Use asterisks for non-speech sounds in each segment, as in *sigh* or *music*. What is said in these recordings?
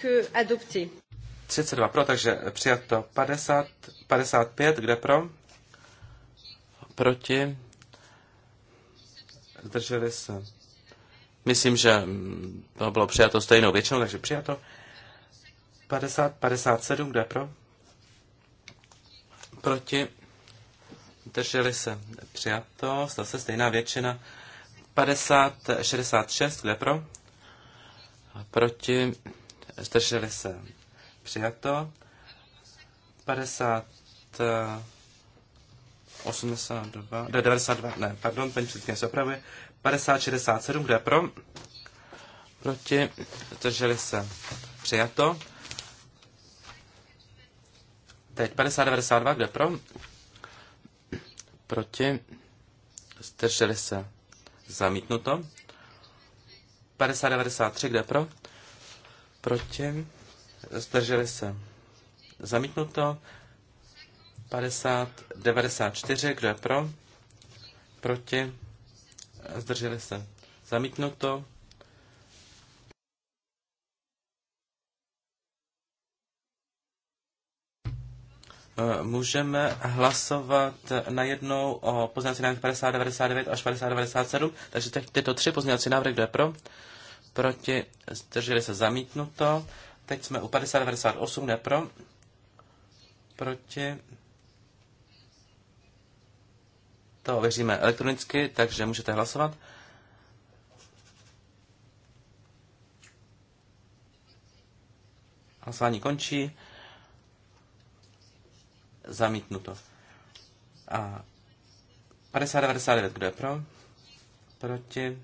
que adopté. 32 pro, takže přijato 50, 55, kde pro? Proti? Zdrželi se. Myslím, že mm, to bylo přijato stejnou většinou, takže přijato 50, 57, kde pro? Proti? Zdrželi se. Přijato, se stejná většina. 50, 66, kde pro? Proti? zdrželi se přijato, 50, 82, 92, ne, pardon, paní předsedkyně se opravuje, 50, 67, kde pro, proti, zdrželi se přijato, teď 50, 92, kde pro, proti, zdrželi se zamítnuto, 50, 93, kde pro, proti, zdrželi se zamítnuto, 50, 94, kdo je pro, proti, zdrželi se zamítnuto, eh, můžeme hlasovat najednou o pozměňovací návrh 99 až 97. takže teď tyto tři pozměňovací návrhy, kdo je pro, proti, zdrželi se zamítnuto. Teď jsme u 5098, ne pro, proti. To ověříme elektronicky, takže můžete hlasovat. Hlasování končí. Zamítnuto. A 5099, kdo je pro? Proti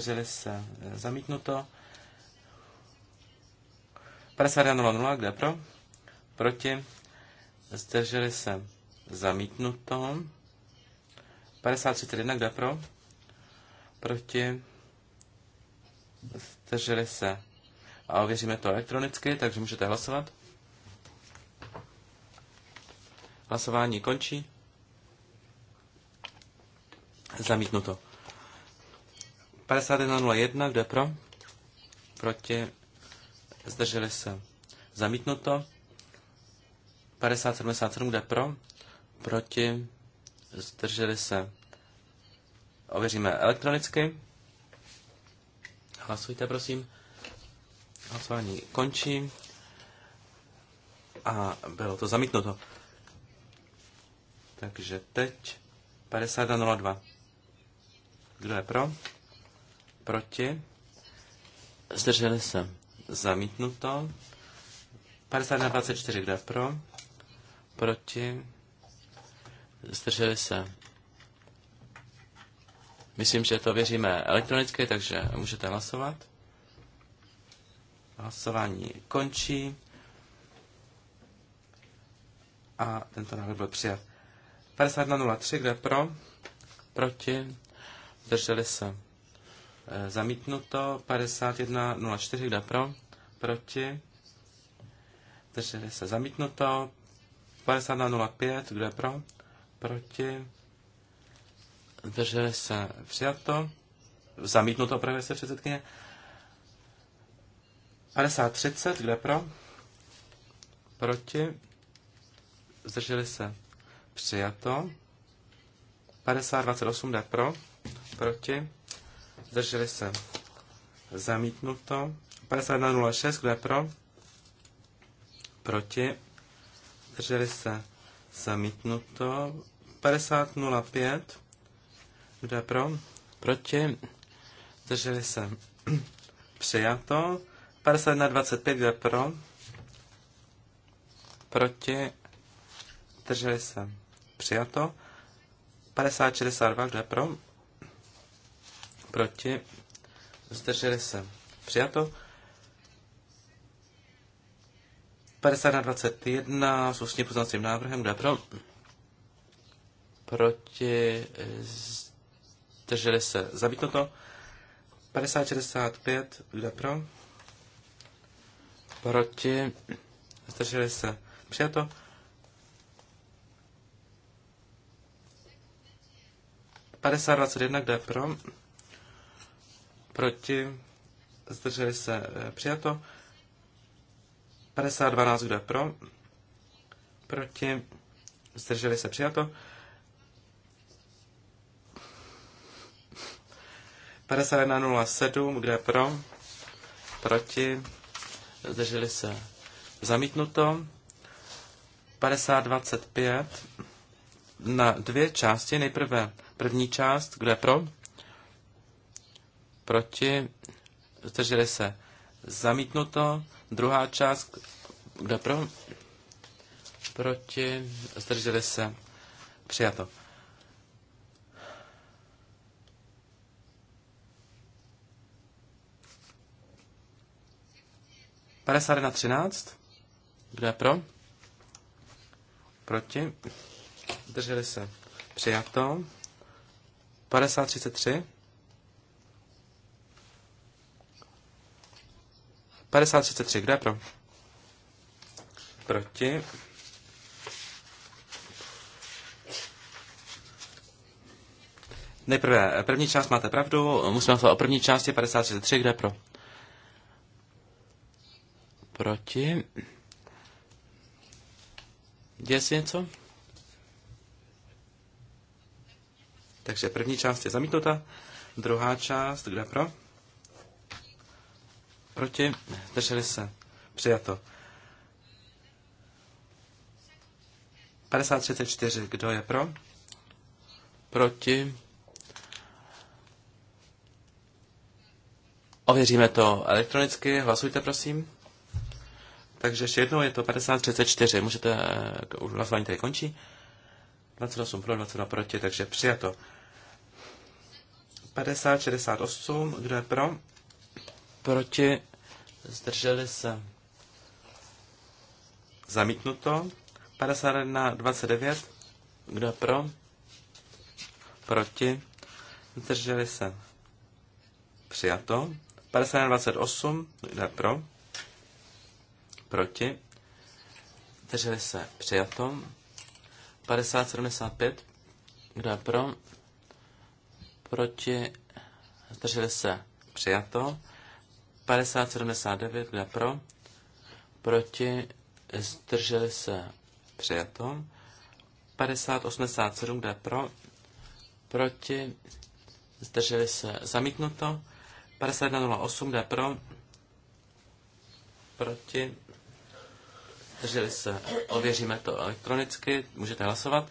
zdrželi se e, zamítnuto. 51.00, kde pro? Proti, zdrželi se zamítnuto. 53.1, kde pro? Proti, zdrželi se. A ověříme to elektronicky, takže můžete hlasovat. Hlasování končí. Zamítnuto. 51.01, kde pro? Proti. Zdrželi se. Zamítnuto. 50.77, kde pro? Proti. Zdrželi se. Ověříme elektronicky. Hlasujte, prosím. Hlasování končí. A bylo to zamítnuto. Takže teď 50.02. Kdo je pro? Proti? Zdrželi se. Zamítnuto. 51 24, kdo je pro? Proti? Zdrželi se. Myslím, že to věříme elektronicky, takže můžete hlasovat. Hlasování končí. A tento návrh byl přijat. 51.03, kde pro? Proti? Zdrželi se. Eh, zamítnuto 51.04, kdo pro? Proti? Drželi se. Zamítnuto 51.05, kdo je pro? Proti? Drželi se. Přijato. Zamítnuto, opravuje se předsedkyně. 50.30, kdo je pro? Proti? Zdrželi se. Přijato. 50.28 kdo je pro. Proti. Zdrželi se. Zamítnuto. 51.06. Kdo je pro? Proti. Zdrželi se. Zamítnuto. 50.05. *clears throat* Kdo je pro? Proti. Zdrželi se. Přijato. 51.25. Kdo je pro? Proti. Zdrželi se. Přijato. 50.62. Kdo je pro? proti, zdrželi se, přijato. 50 na 21 s ústním poznacím návrhem, Kdo je pro, proti, zdrželi se, zamítnuto. 50-65, Kdo je pro, proti, zdrželi se, přijato. 50-21, Kdo je pro, proti, zdrželi se eh, přijato. 5012, kdo je pro, proti, zdrželi se přijato. 5107, kde je pro, proti, zdrželi se zamítnuto. 5025 na dvě části. Nejprve první část, kde je pro, proti, zdrželi se zamítnuto, druhá část, kdo pro, proti, zdrželi se přijato. na 13. Kdo je pro? Proti? Drželi se. Přijato. 50 5033, kde je pro? Proti. Nejprve, eh, první část máte pravdu, musíme hlasovat o první části 53, kde pro? Proti. Děje si něco? Takže první část je zamítnuta, druhá část, kde pro? Proti? Drželi se. Přijato. 5034. Kdo je pro? Proti? Ověříme to elektronicky. Hlasujte, prosím. Takže ještě jednou je to 5034. Můžete, už eh, hlasování tady končí. 28 pro, 22 proti, takže přijato. 5068. Kdo je pro? proti, zdrželi se. Zamítnuto. 51, 29, kdo je pro, proti, zdrželi se. Přijato. 51, 28, kdo je pro, proti, zdrželi se. Přijato. 50, 75, kdo je pro, proti, zdrželi se. Přijato. 5079, kde pro, proti, zdrželi se přijato. 5087, kde pro, proti, zdrželi se zamítnuto. 5108, kde pro, proti, zdrželi se. Ověříme to elektronicky, můžete hlasovat.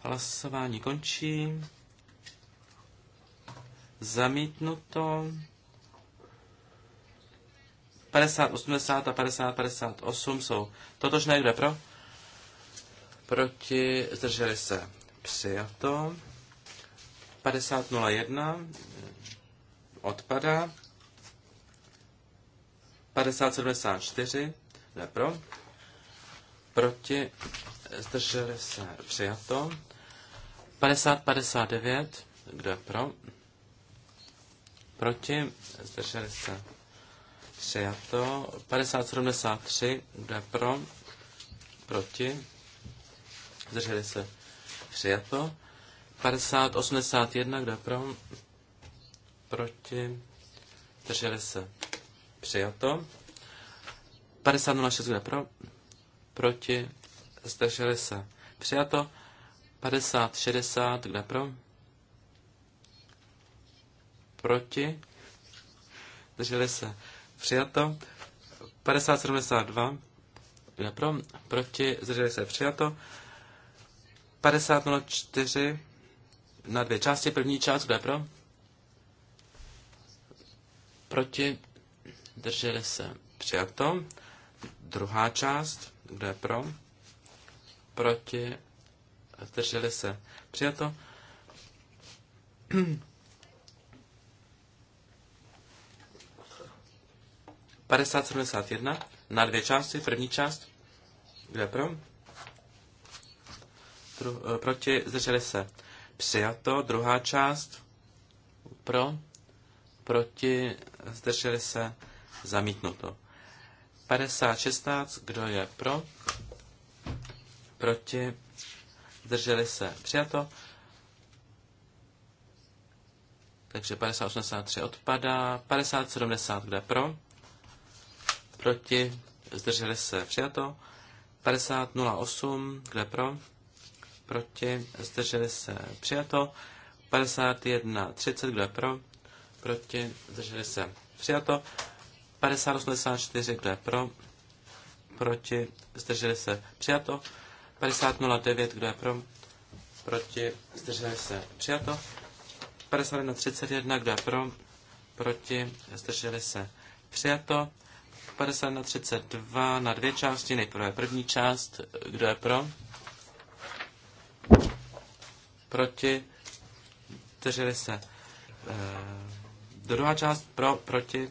Hlasování končí zamítnuto. 50, 80 a 50, 58 jsou totožné, kde pro? Proti, zdrželi se, přijato. 5001 odpada 5074 ne? pro. Proti, zdrželi se, přijato. 5059 kdo pro? proti, zdrželi se přijato. 50-73, kdo je pro, proti, zdrželi se přijato. 50-81, kdo je pro, proti, zdrželi se přijato. 50-06, kdo je pro, proti, zdrželi se přijato. 50-60, kdo je pro, proti, Drželi se přijato, 5072 je pro, proti, zdrželi se přijato, 5004 na dvě části, první část, kde pro, proti, drželi se přijato, druhá část, kde pro, proti, zdrželi se přijato, *clears throat* 5071 na dvě části. První část. Kde pro? Pro, eh, proti, zdrželi se. Přijato. Druhá část. Pro. Proti, zdrželi se. Zamítnuto. 5016. Kdo je pro? Proti, zdrželi se. Přijato. Takže 5083 odpadá. 5070, kde pro? proti, zdrželi se přijato. 50.08, kde pro, proti, zdrželi se přijato. 51.30, kde pro, proti, zdrželi se přijato. 50.84, kde pro, proti, zdrželi se přijato. 50.09, kdo je pro, proti, zdrželi se přijato. 51.31, kdo je pro, proti, zdrželi se přijato. 50 na 32 na dvě části. Nejprve první část, kdo je pro? Proti? Držili se. Eh, druhá část pro, proti?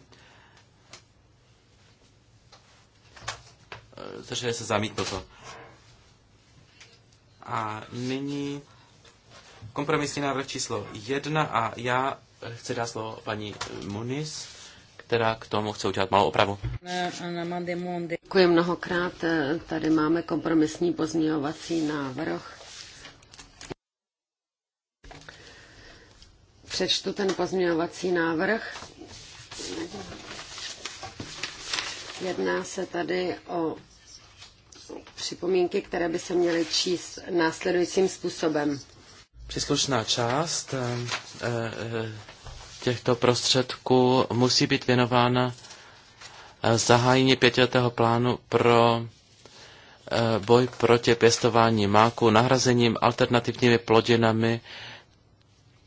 Eh, Držili se zamítnuto. A nyní kompromisní návrh číslo 1 a já chci dát slovo paní Muniz která k tomu chce udělat malou opravu. Děkuji mnohokrát. Tady máme kompromisní pozměňovací návrh. Přečtu ten pozměňovací návrh. Jedná se tady o připomínky, které by se měly číst následujícím způsobem. Příslušná část e, e, těchto prostředků musí být věnována eh, zahájení pětiletého plánu pro eh, boj proti pěstování máku, nahrazením alternativními plodinami,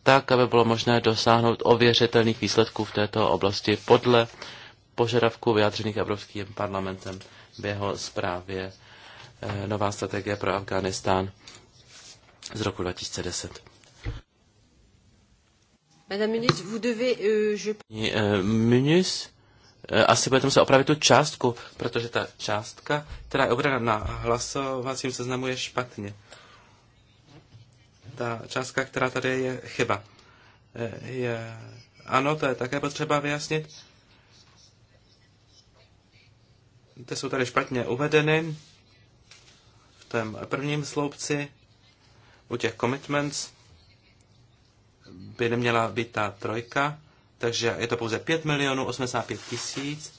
tak, aby bylo možné dosáhnout ověřitelných výsledků v této oblasti podle požadavků vyjádřených Evropským parlamentem v jeho zprávě eh, Nová strategie pro Afganistán z roku 2010. Madame Munis, vous devez, euh, je... Uh, eh, Munis, uh, eh, asi budete muset opravit tu částku, protože ta částka, která je obrana na hlasovacím seznamu, je špatně. Ta částka, která tady je chyba. Je, eh, je, ano, to je také potřeba vyjasnit. Ty jsou tady špatně uvedeny v tom prvním sloupci u těch commitments by neměla být ta trojka, takže je to pouze 5 milionů 85 tisíc.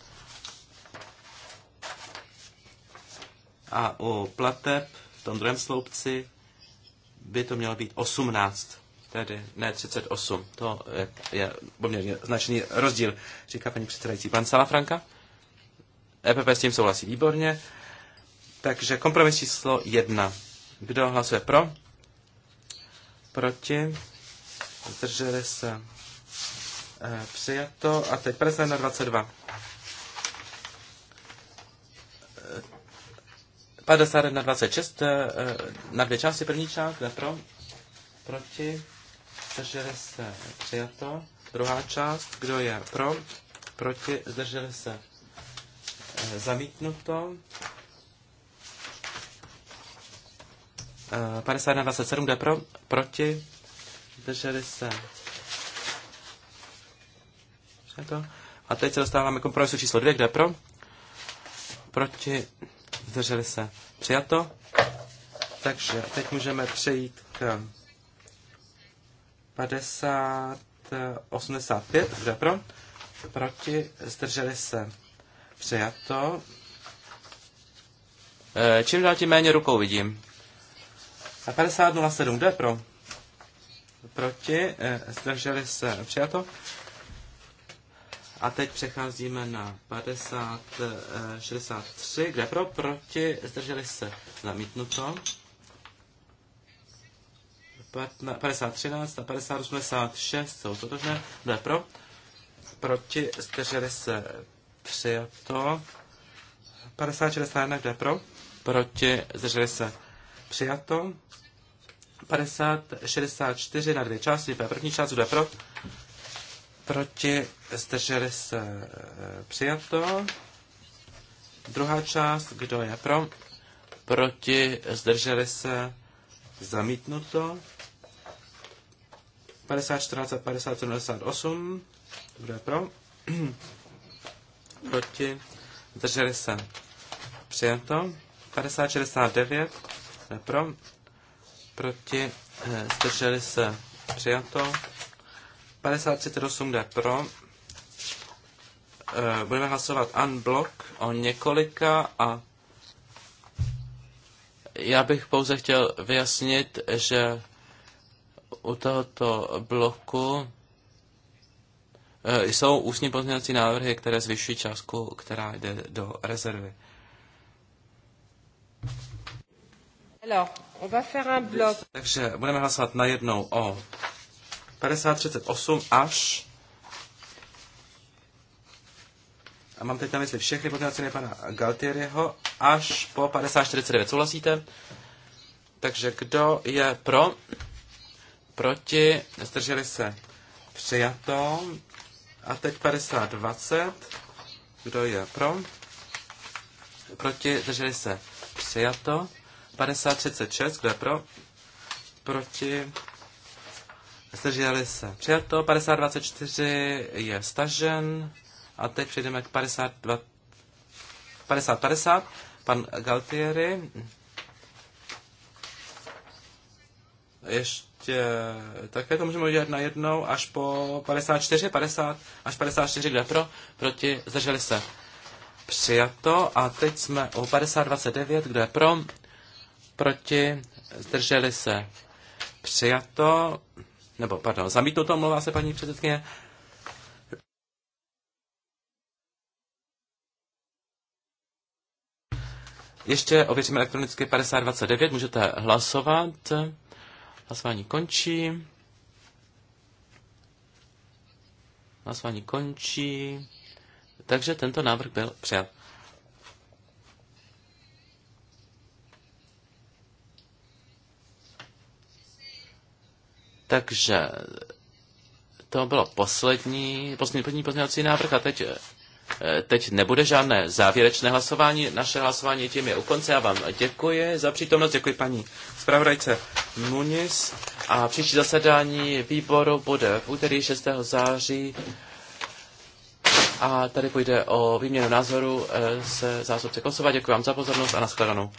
A u plateb v tom druhém sloupci by to mělo být 18, tedy ne 38. To je, je poměrně značný rozdíl, říká paní předsedající. Pan Salafranka? EPP s tím souhlasí výborně. Takže kompromis číslo 1. Kdo hlasuje pro? Proti? zdrželi se eh, přijato. A teď prezident na 22. 50 na 26, na dvě části, první část, kde pro, proti, zdrželi se, přijato, druhá část, kdo je pro, proti, zdrželi se, eh, zamítnuto, 50 na 27, kde pro, proti, 360. A teď se dostáváme kompromisu číslo 2, kde pro? Proti, zdrželi se. Přijato. Takže teď můžeme přejít k 50, 85, kde pro? Proti, zdrželi se. Přijato. E, čím dál tím méně rukou vidím. A 50, 07, kde pro? proti, eh, zdrželi se přijato. A teď přecházíme na 50, 63, kde pro, proti, zdrželi se zamítnuto. 13 a 86 jsou totožné, kde pro, proti, zdrželi se přijato. 50 61, kde pro, proti, zdrželi se přijato. 50, 64 na dvě části, v první část, kdo je pro, proti, zdrželi se eh, přijato. Druhá část, kdo je pro, proti, zdrželi se zamítnuto. 50, 40, 50, 78, kdo je pro, *clears throat* proti, zdrželi se přijato. 50, 69, kdo pro, proti, eh, zdrželi se, přijato. 53.8 jde pro. Eh, budeme hlasovat unblock o několika a já bych pouze chtěl vyjasnit, že u tohoto bloku eh, jsou ústní pozměňovací návrhy, které zvyšují částku, která jde do rezervy. Alors, takže budeme hlasovat najednou o 5038 až a mám teď na mysli všechny pozměňovací pana Galtieriho až po 5049. Souhlasíte? Takže kdo je pro? Proti? Zdrželi se? Přijato. A teď 5020. Kdo je pro? Proti? Zdrželi se? Přijato. 5036, kdo je pro? Proti? Zdrželi se. Přijato. 5024 je stažen. A teď přejdeme k 52, 50, 50. Pan Galtieri. Ještě také to můžeme udělat najednou až po 54, 50, až 54, kde pro, proti, zdrželi se. Přijato a teď jsme o 50, 29, kde pro, proti, zdrželi se přijato, nebo pardon, zamítnuto, mluvá se paní předsedkyně. Ještě ověříme elektronicky 5029, můžete hlasovat. Hlasování končí. Hlasování končí. Takže tento návrh byl přijat. Takže to bylo poslední, poslední pozměňovací návrh a teď, eh, teď nebude žádné závěrečné hlasování. Naše hlasování tím je u konce. Já vám děkuji za přítomnost, děkuji paní zpravodajce Muniz a příští zasedání výboru bude v úterý 6. září a tady půjde o výměnu názoru eh, se zástupce Kosova. Děkuji vám za pozornost a nashledanou.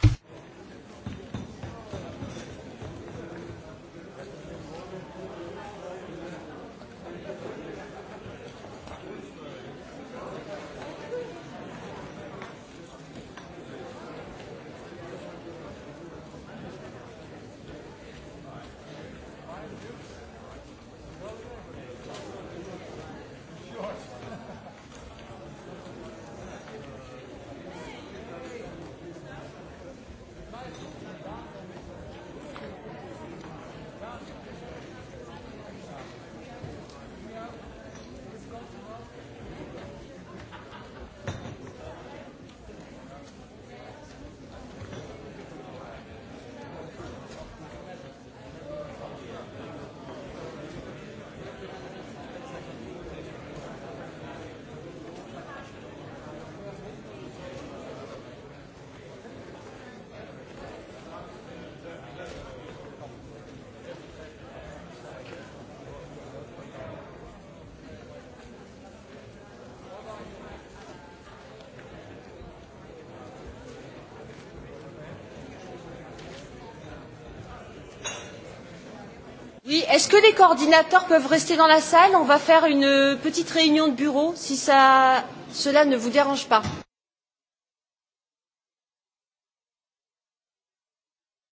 Oui, est-ce que les coordinateurs peuvent rester dans la salle On va faire une petite réunion de bureau si ça, cela ne vous dérange pas.